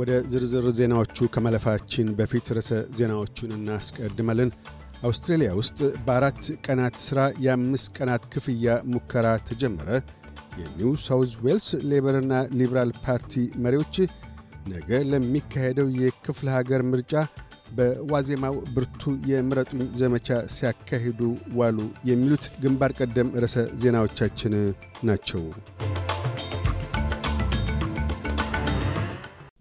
ወደ ዝርዝር ዜናዎቹ ከማለፋችን በፊት ርዕሰ ዜናዎቹን እናስቀድመልን። አውስትሬልያ ውስጥ በአራት ቀናት ሥራ የአምስት ቀናት ክፍያ ሙከራ ተጀመረ። የኒው ሳውዝ ዌልስ ሌበርና ሊብራል ፓርቲ መሪዎች ነገ ለሚካሄደው የክፍለ ሀገር ምርጫ በዋዜማው ብርቱ የምረጡኝ ዘመቻ ሲያካሂዱ ዋሉ። የሚሉት ግንባር ቀደም ርዕሰ ዜናዎቻችን ናቸው።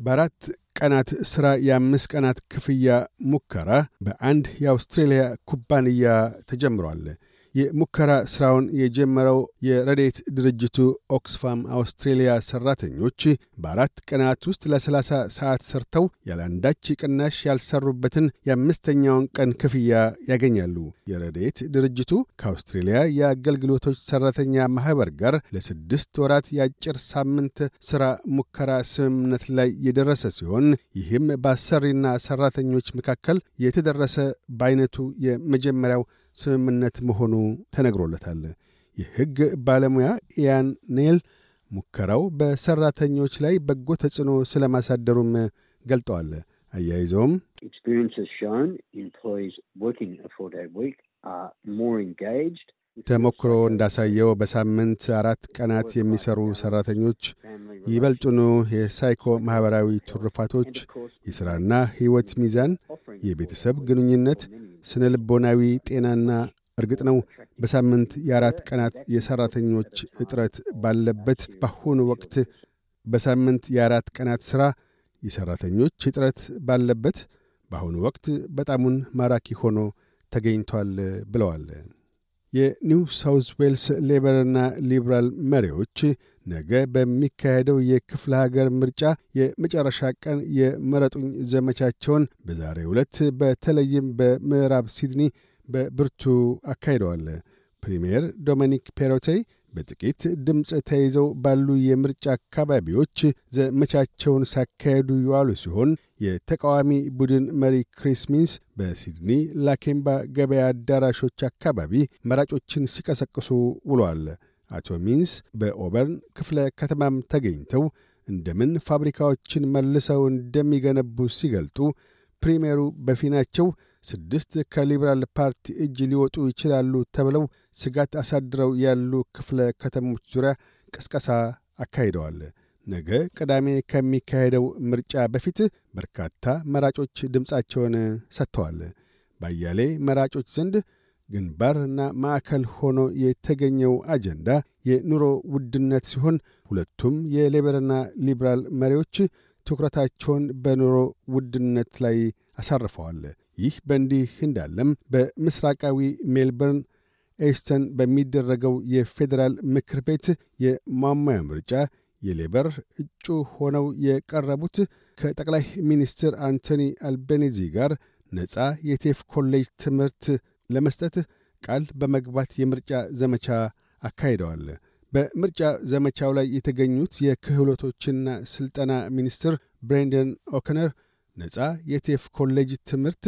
በአራት ቀናት ሥራ የአምስት ቀናት ክፍያ ሙከራ በአንድ የአውስትሬልያ ኩባንያ ተጀምሯል። የሙከራ ሥራውን የጀመረው የረዴት ድርጅቱ ኦክስፋም አውስትሬልያ ሠራተኞች በአራት ቀናት ውስጥ ለ30 ሰዓት ሰርተው ያለአንዳች ቅናሽ ያልሰሩበትን የአምስተኛውን ቀን ክፍያ ያገኛሉ። የረዴት ድርጅቱ ከአውስትሬልያ የአገልግሎቶች ሠራተኛ ማኅበር ጋር ለስድስት ወራት የአጭር ሳምንት ሥራ ሙከራ ስምምነት ላይ የደረሰ ሲሆን ይህም በአሰሪና ሠራተኞች መካከል የተደረሰ በአይነቱ የመጀመሪያው ስምምነት መሆኑ ተነግሮለታል። የሕግ ባለሙያ ኢያን ኔል ሙከራው በሠራተኞች ላይ በጎ ተጽዕኖ ስለማሳደሩም ገልጠዋል። አያይዘውም ተሞክሮ እንዳሳየው በሳምንት አራት ቀናት የሚሰሩ ሠራተኞች ይበልጡኑ የሳይኮ ማኅበራዊ ትሩፋቶች፣ የሥራና ሕይወት ሚዛን፣ የቤተሰብ ግንኙነት፣ ስነ ልቦናዊ ጤናና እርግጥ ነው በሳምንት የአራት ቀናት የሠራተኞች እጥረት ባለበት በአሁኑ ወቅት በሳምንት የአራት ቀናት ሥራ የሠራተኞች እጥረት ባለበት በአሁኑ ወቅት በጣሙን ማራኪ ሆኖ ተገኝቷል ብለዋል። የኒው ሳውዝ ዌልስ ሌበርና ሊብራል መሪዎች ነገ በሚካሄደው የክፍለ ሀገር ምርጫ የመጨረሻ ቀን የመረጡኝ ዘመቻቸውን በዛሬ ዕለት በተለይም በምዕራብ ሲድኒ በብርቱ አካሂደዋል። ፕሪምየር ዶሚኒክ ፔሮቴ በጥቂት ድምፅ ተይዘው ባሉ የምርጫ አካባቢዎች ዘመቻቸውን ሳካሄዱ የዋሉ ሲሆን የተቃዋሚ ቡድን መሪ ክሪስ ሚንስ በሲድኒ ላኬምባ ገበያ አዳራሾች አካባቢ መራጮችን ሲቀሰቅሱ ውሏል። አቶ ሚንስ በኦበርን ክፍለ ከተማም ተገኝተው እንደምን ፋብሪካዎችን መልሰው እንደሚገነቡ ሲገልጡ ፕሪሜሩ በፊናቸው ስድስት ከሊበራል ፓርቲ እጅ ሊወጡ ይችላሉ ተብለው ስጋት አሳድረው ያሉ ክፍለ ከተሞች ዙሪያ ቅስቀሳ አካሂደዋል። ነገ ቅዳሜ ከሚካሄደው ምርጫ በፊት በርካታ መራጮች ድምፃቸውን ሰጥተዋል። ባያሌ መራጮች ዘንድ ግንባርና ማዕከል ሆኖ የተገኘው አጀንዳ የኑሮ ውድነት ሲሆን ሁለቱም የሌበርና ሊብራል መሪዎች ትኩረታቸውን በኑሮ ውድነት ላይ አሳርፈዋል። ይህ በእንዲህ እንዳለም በምስራቃዊ ሜልበርን ኤስተን በሚደረገው የፌዴራል ምክር ቤት የማሟያ ምርጫ የሌበር እጩ ሆነው የቀረቡት ከጠቅላይ ሚኒስትር አንቶኒ አልቤኔዚ ጋር ነፃ የቴፍ ኮሌጅ ትምህርት ለመስጠት ቃል በመግባት የምርጫ ዘመቻ አካሂደዋል። በምርጫ ዘመቻው ላይ የተገኙት የክህሎቶችና ሥልጠና ሚኒስትር ብሬንደን ኦከነር ነፃ የቴፍ ኮሌጅ ትምህርት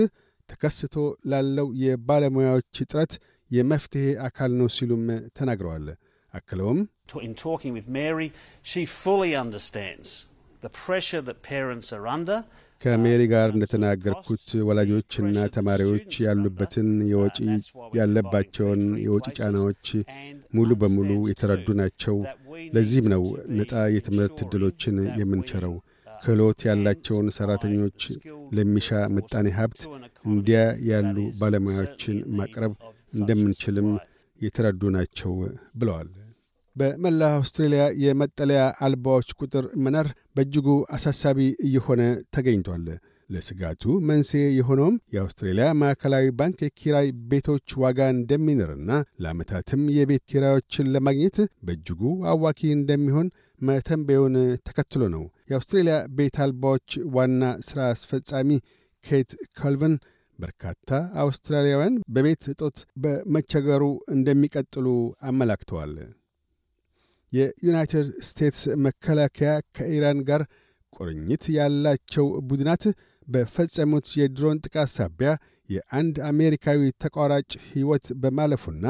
ተከስቶ ላለው የባለሙያዎች እጥረት የመፍትሔ አካል ነው ሲሉም ተናግረዋል። አክለውም ሜሪ ከሜሪ ጋር እንደተናገርኩት ወላጆችና ተማሪዎች ያሉበትን የወጪ ያለባቸውን የወጪ ጫናዎች ሙሉ በሙሉ የተረዱ ናቸው። ለዚህም ነው ነፃ የትምህርት ዕድሎችን የምንቸረው። ክህሎት ያላቸውን ሠራተኞች ለሚሻ ምጣኔ ሀብት እንዲያ ያሉ ባለሙያዎችን ማቅረብ እንደምንችልም የተረዱ ናቸው ብለዋል። በመላ አውስትሬልያ የመጠለያ አልባዎች ቁጥር መነር በእጅጉ አሳሳቢ እየሆነ ተገኝቷል። ለስጋቱ መንስኤ የሆነውም የአውስትሬልያ ማዕከላዊ ባንክ የኪራይ ቤቶች ዋጋ እንደሚንርና ለዓመታትም የቤት ኪራዮችን ለማግኘት በእጅጉ አዋኪ እንደሚሆን መተንበዩን ተከትሎ ነው። የአውስትሬልያ ቤት አልባዎች ዋና ሥራ አስፈጻሚ ኬት ኮልቨን በርካታ አውስትራሊያውያን በቤት እጦት በመቸገሩ እንደሚቀጥሉ አመላክተዋል። የዩናይትድ ስቴትስ መከላከያ ከኢራን ጋር ቁርኝት ያላቸው ቡድናት በፈጸሙት የድሮን ጥቃት ሳቢያ የአንድ አሜሪካዊ ተቋራጭ ሕይወት በማለፉና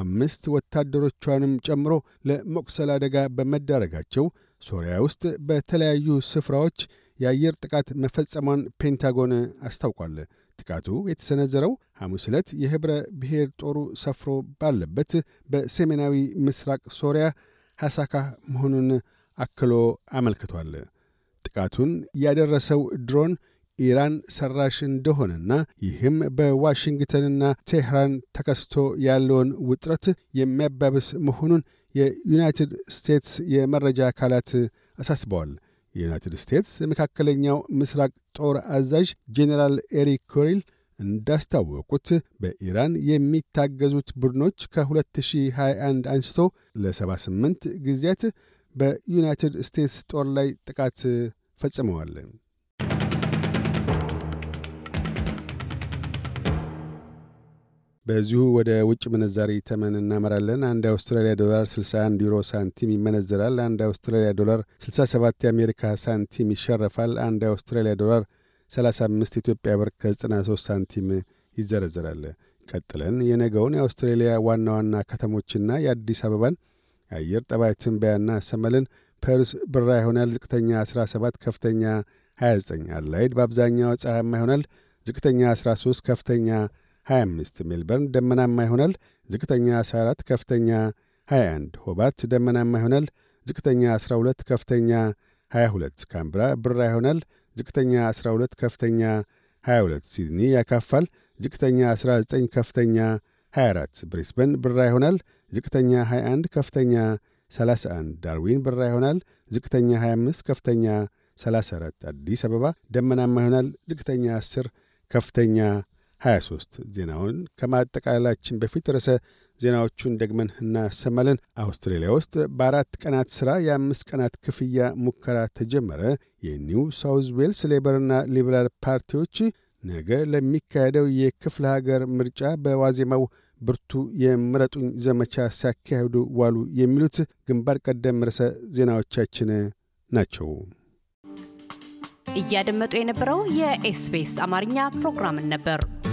አምስት ወታደሮቿንም ጨምሮ ለመቁሰል አደጋ በመዳረጋቸው ሶሪያ ውስጥ በተለያዩ ስፍራዎች የአየር ጥቃት መፈጸሟን ፔንታጎን አስታውቋል። ጥቃቱ የተሰነዘረው ሐሙስ ዕለት የኅብረ ብሔር ጦሩ ሰፍሮ ባለበት በሰሜናዊ ምስራቅ ሶሪያ ሐሳካ መሆኑን አክሎ አመልክቷል። ጥቃቱን ያደረሰው ድሮን ኢራን ሰራሽ እንደሆነና ይህም በዋሽንግተንና ቴህራን ተከስቶ ያለውን ውጥረት የሚያባብስ መሆኑን የዩናይትድ ስቴትስ የመረጃ አካላት አሳስበዋል። የዩናይትድ ስቴትስ መካከለኛው ምስራቅ ጦር አዛዥ ጄኔራል ኤሪክ ኮሪል እንዳስታወቁት በኢራን የሚታገዙት ቡድኖች ከ2021 አንስቶ ለ78 ጊዜያት በዩናይትድ ስቴትስ ጦር ላይ ጥቃት ፈጽመዋል። በዚሁ ወደ ውጭ ምንዛሪ ተመን እናመራለን። አንድ አውስትራሊያ ዶላር 61 ዩሮ ሳንቲም ይመነዘራል። አንድ አውስትራሊያ ዶላር 67 የአሜሪካ ሳንቲም ይሸረፋል። አንድ አውስትራሊያ ዶላር 35 ኢትዮጵያ ብር ከ93 ሳንቲም ይዘረዘራል። ቀጥለን የነገውን የአውስትሬሊያ ዋና ዋና ከተሞችና የአዲስ አበባን የአየር ጠባይ ትንበያና ሰመልን ፐርስ ብራ ይሆናል። ዝቅተኛ 17፣ ከፍተኛ 29። አድላይድ በአብዛኛው ፀሐያማ ይሆናል። ዝቅተኛ 13፣ ከፍተኛ 25። ሜልበርን ደመናማ ይሆናል። ዝቅተኛ 14፣ ከፍተኛ 21። ሆባርት ደመናማ ይሆናል። ዝቅተኛ 12፣ ከፍተኛ 22። ካምብራ ብራ ይሆናል። ዝቅተኛ 12 ከፍተኛ 22 ሲድኒ ያካፋል። ዝቅተኛ 19 ከፍተኛ 24 ብሪስበን ብራ ይሆናል። ዝቅተኛ 21 ከፍተኛ 31 ዳርዊን ብራ ይሆናል። ዝቅተኛ 25 ከፍተኛ 34 አዲስ አበባ ደመናማ ይሆናል። ዝቅተኛ 10 ከፍተኛ 23 ዜናውን ከማጠቃላላችን በፊት ርዕሰ ዜናዎቹን ደግመን እናሰማለን። አውስትሬሊያ ውስጥ በአራት ቀናት ሥራ የአምስት ቀናት ክፍያ ሙከራ ተጀመረ። የኒው ሳውዝ ዌልስ ሌበርና ሊበራል ፓርቲዎች ነገ ለሚካሄደው የክፍለ ሀገር ምርጫ በዋዜማው ብርቱ የምረጡኝ ዘመቻ ሲያካሂዱ ዋሉ። የሚሉት ግንባር ቀደም ርዕሰ ዜናዎቻችን ናቸው። እያደመጡ የነበረው የኤስቢኤስ አማርኛ ፕሮግራምን ነበር።